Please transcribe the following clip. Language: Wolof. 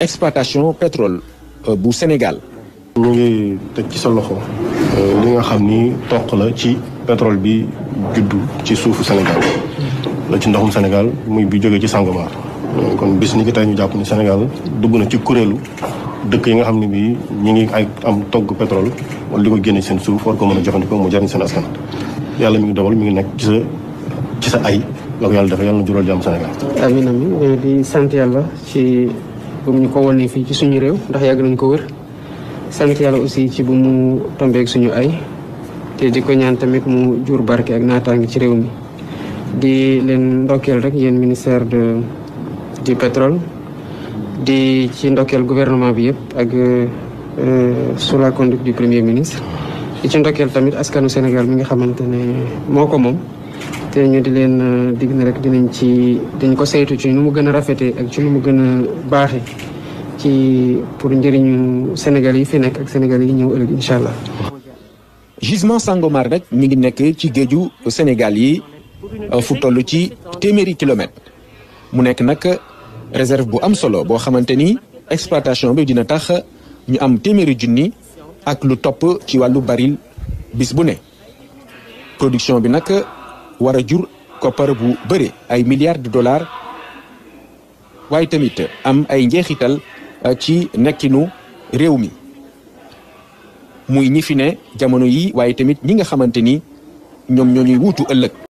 exploitation pétrole euh, bu Sénégal. ñu ngi teg ci sa loxo euh, li nga xam ni toq la ci pétrole bi juddu ci suufu Sénégal la ci ndoxum Sénégal muy bi jógee ci Sangomar euh, kon bis ni ki tey ñu jàpp ni Sénégal dugg na ci kuréelu dëkk yi nga xam ne bii ñu ngi ay am togg pétrole wala li ko génne seen suuf war ko mën a jëfandikoo mu jariñ seen askan. yàlla mi ngi dogal mi ngi nekk ci sa ci sa ay la ko yàlla defee yàlla na jural jàmm Sénégal. amiin amiin di sant yàlla ba mu ñu ko wonee fii ci suñu réew ndax yàgg nañ ko wër sant yàlla aussi ci bu mu tombeeg suñu ay te di ko ñaan tamit mu jur barke ak naataange ci réew mi di leen ndokkeel rek yéen ministère de du pétrole di ci ndokkeel gouvernement bi yëpp ak euh, sous la conduite du premier ministre di ci ndokkeel tamit askanu Sénégal mi nga xamante ne moo ko moom te ñu di leen euh, digg na rek dinañ ci dañ ko saytu ci nu mu gën a rafetee ak ci nu mu gën a baaxee ci pour njëriñu Sénégal yi fi nekk ak Sénégal yi ñëw ëllëg incha allah. gisement Sangomar rek ñu ngi nekk ci géeju Sénégal yi euh, fu toll ci téeméeri kilomètres mu nekk nag réserve bu am solo boo xamante ni exploitation bi dina tax ñu am téeméeri junni ak lu topp ci wàllu baril bis bu ne production bi nag. wara a jur koppar bu bëri ay milliards du dollars waaye tamit am ay njeexital euh, ci nekkinu réew mi muy ñi fi jamono yi waaye tamit ñi nga xamante ni ñoom ñoo ñuy wuutu ëllëg.